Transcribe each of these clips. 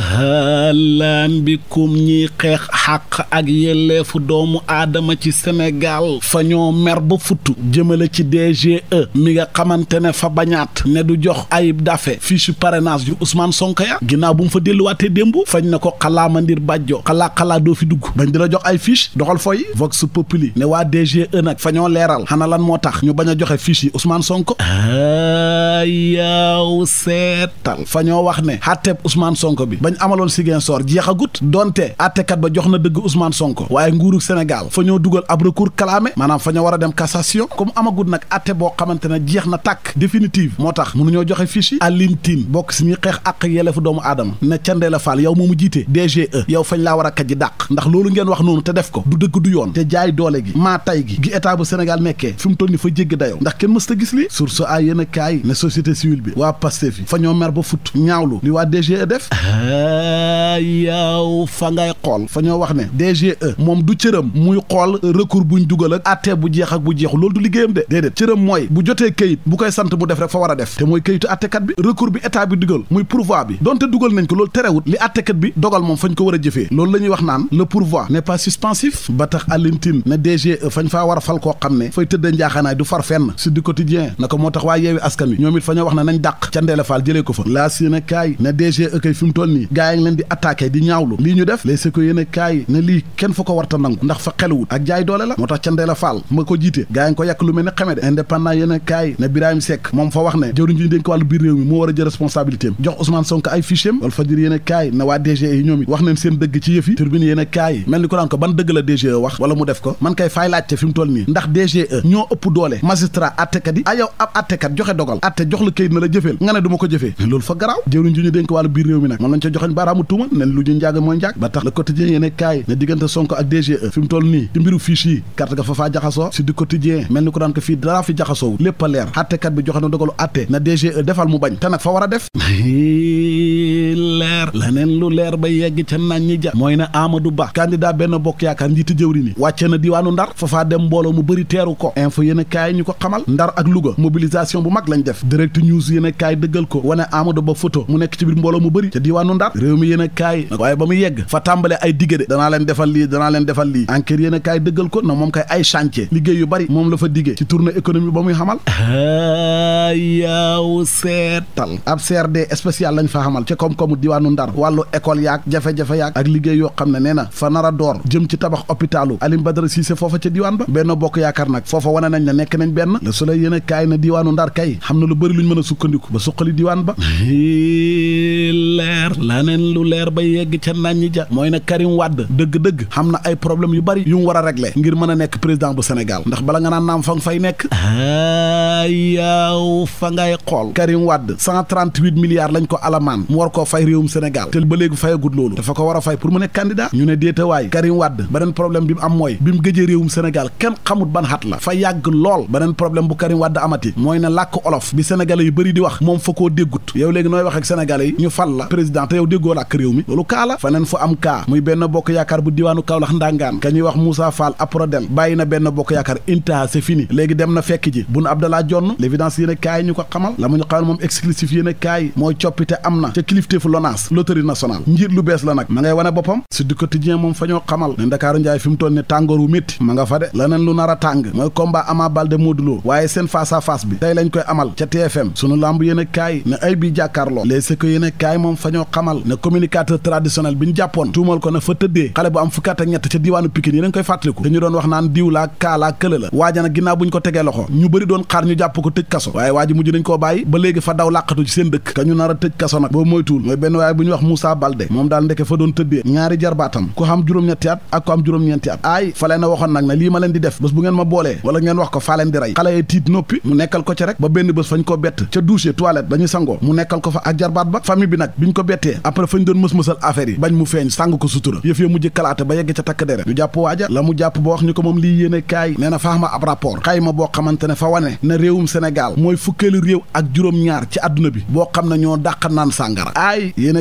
halaan bikum ñiy xeex xàq ak yelleefu doomu aadama ci Sénégal fa ñoo mer ba futt jëmale ci DGE mi nga xamante ne fa bañaat ne du jox ay Daffé fiche parrainage yu Ousmane Sonko ya ginnaaw bu mu fa delluwaatee démb fañ na ko xalaa mandir bàjjo xalaa xalaa doo fi dugg bañ di jox ay fiche doxal fooy Vox Populi ne waa DGE nag fa ñoo leeral xana lan moo tax ñu bañ a joxe fiche yi Ousmane sonk ah, yaw seetal fa ñoo wax ne xàtteeb Ousmane Sonko bi lañ amaloon Ziguinchor jeexagut donte attekat ba jox na dëgg Ousmane Sonko waaye nguuru Sénégal fa ñoo dugal ab recours clamé maanaam fa ñoo war a dem cassation comme amagut nag atte boo xamante ne jeex na tàkk définitive moo tax mënuñoo joxe fiche yi Alioune Tine bokk si ñuy xeex ak yelefu doomu aadama ne Thiendella Fall yow moomu jiite DGE yow fañ laa war a kajji dàq ndax loolu ngeen wax noonu te def ko du dëgg du yoon te jaay doole gi maa tay gi gi état bu Sénégal nekkee mu toll ni fa jégg dayow kenn mës ta gis li source ay yéen a bi waa Pastef yi fa ñoo mer ba fut ñaawlu li yow fa ngay xool fa ñoo wax ne DGE moom du cëram muy xool recours buñ dugal ak atte bu jeex ak bu jeexu loolu du liggéeyam de déedéet cëram mooy bu jotee kayit bu koy sant mu def rek fa war a def te mooy kayitu attekat bi recours bi état bi dugal muy pourvoi bi donte dugal nañ ko loolu terewut li attekat bi dogal moom fañ ko war a jëfee loolu la wax naan le pourvoi n'est pas ba tax alintin ne DGE fañ faa war a fal koo xam ne fay tëdda njaaxanaay du far fenn si du fa ñoo wax ne nañ dàq ca ndeelefaal jëlee ko fa laa nii gars yi leen di attaqué di ñaawlu lii ñu def les secours yéen kaay ne lii kenn fa ko warta nangu ndax fa xelawut ak jaay doole la moo tax ca Ndella ma ko jiite gars ko yàq lu mel ne xame de indépendant yéen kaay ne Birahim Seck moom fa wax ne jëwriñ ji ñu dénk wàllu réew mi moo war a jël responsabilité jox Ousmane Sonko ay fichier am fa jir yéen kaay ne waa DG yi ñoom wax neen seen dëgg ci yëf yi turbine yéen mel ni ca joxeñ baaraamu tuuma nen lu ñu njaag mooy njaag ba tax le quotidien yéene kaay ne diggante Sonko ak DGE fi mu toll nii ci mbiru fiche yi carte ga fa faa jaxasoo si du quotidien mel ni ko daan ko fii dara fi jaxasoowu lépp a leer attekat bi joxe na dogalu atte na DGE defal mu bañ te nag fa war a def maire leneen lu leer ba yegg ca naan ñi ja mooy ne Amadou Ba candidat benn bokk yaakaar njiitu jëwri ni wàcce na diwaanu Ndar fafaa dem mbooloo mu bëri teeru ko info yéen a kaay ñu ko xamal Ndar ak Louga mobilisation bu mag lañ def direct news yéen a dëggal ko wane Amadou Ba photo mu nekk ci biir mbooloo mu bëri ca diwaanu Ndar réew mi yéen a kaay waaye ba mu yegg fa tàmbale ay digge de danaa leen defal lii danaa leen defal lii enquête yéen ko na moom kay ay la fa diggee ci tournée économie ba muy diwaanu ndar wàllu école yaak jafe-jafe yaak ak liggéey yoo xam ne nee na fa nar a door jëm ci tabax hôpitalu Alim Badara Cissé foofa ca diwaan ba benn bokk yaakaar nag foofa wane nañ la nekk nañ benn le soleil yéen a kaay na diwaanu ndar kay xam na lu bëri luñ mën a sukkandiku ba suqali diwaan ba leer laneen lu leer ba yegg ca nañ ja mooy na Karim Wade dëgg-dëgg xam na ay problème yu bari yu mu war a régler ngir mën a nekk président bu Sénégal ndax bala nga naan naam fa nga fay nekk fa ngay xool Karim lañ ko Sénégal te ba léegi fayagut loolu dafa ko war a fay pour mu nekk candidat ñu ne déetawaay Karim Wade beneen problème bi mu am mooy bi mu gëjee réewum Sénégal kenn xamut ban la fa yàgg lool beneen problème bu Karim Wade amati mooy ne làkk olof bi sénégalais yu bëri di wax moom fa koo déggut yow léegi nooy wax ak sénégalais yi ñu fal la président te yow déggoo làkk réew mi loolu kaa la faneen fu am kaa muy benn bokk yaakaar bu diwaanu Kaolack ndangaan ka ñuy wax Moussa Fall benn bokk yaakaar intaha c'est fini léegi dem na fekk ji Boun Abdallah Dionne a kaay ñu ko xamal la na ca kilifteefu loterie nationale njiit lu bees la nag ma ngay wane boppam si du quotidien moom fa ñoo xamal ne ndakaaru njaay fi mu toll tàngoor wu métti ma nga fa de leneen lu nar a tàng mooy combat Ama Baldé Modou waaye seen face à bi tey lañ koy amal ca TFM sunu lamb yéen a kaay ne ay bi jàkkaarloo les se ko yéen a kaay moom fa ñoo xamal ne communicateur traditionnel bi ñu jàppoon tuumal ko ne fa tëddee xale bu am fukki ñett ca diiwaanu Pikine yéen a ngi koy ñu doon wax naan diw laa kaa laa këla ñu ko tegee loxo ñu a tëj kaso nag boobu bu ñuy wax Moussa Baldé moom daal ndeke fa doon tëddee ñaari jarbaatam ku xam juróom-ñetti at ak ku am juróom-ñeenti at aay fa waxoon nag ne lii ma leen di def bés bu ngeen ma boolee wala ngeen wax ko faa leen di rey xale yi tiit noppi mu nekkal ko ci rek ba benn bés fañ ko bett ca douche toilette dañuy sangoo mu nekkal ko fa ak jarbaat ba famille bi nag biñ ko bettee après fañ doon mës-mësal affaire bañ mu feeñ sàng ko sutura yëf ya mujj kalaate na faax na réewum Sénégal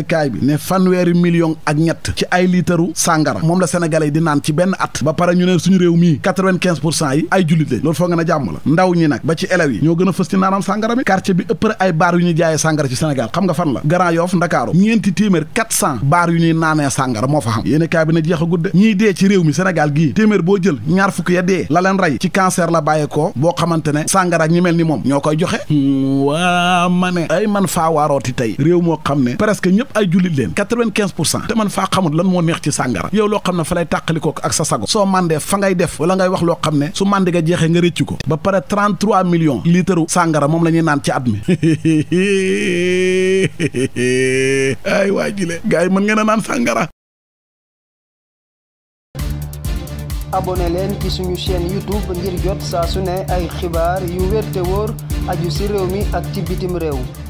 kaay bi ne fanweeri million ak ñett ci ay liitaru sàngara moom la sénégalais yi di naan ci benn at ba pare ñu ne suñu réew mii yi ay jullit loolu foo nga ne jàmm la ndaw ñi nag ba ci élèves yi ñoo gën a fës ci naanam sàngara mi quartier bi ëppër ay baar yu ñuy jaayee sàngara ci Sénégal xam nga fan la Grand Yoff Ndakaaru ñeenti téeméer quatre cent baar yu ñuy naanee sàngara moo fa xam yéen bi ne jeex a gudde ñiy dee ci réew mi Sénégal gii téeméer boo jël ñaar ne sàngara ak ñi mel ni moom ñoo koy joxe hmm, waa ma ne ay man faawaaroo ti moo xam ne presque ñëpp ay jullit leen quatre-vingt-quinze pour cent te man faa xamul lan moo neex ci sàngara yow loo xam sago soo mandee fa ngay wala ngay wax loo xam su mande ga jeexee nga rëcc ko ba pare 33 millions litre sàngara moom la ñuy naan ci at mi ay waa jile gars yi mën ngeen a naan sàngara abonné leen ci suñu chaîne youtube ngir jot saa su ne ay xibaar yu wér te wóor aju ci réew mi ak ci bitim réew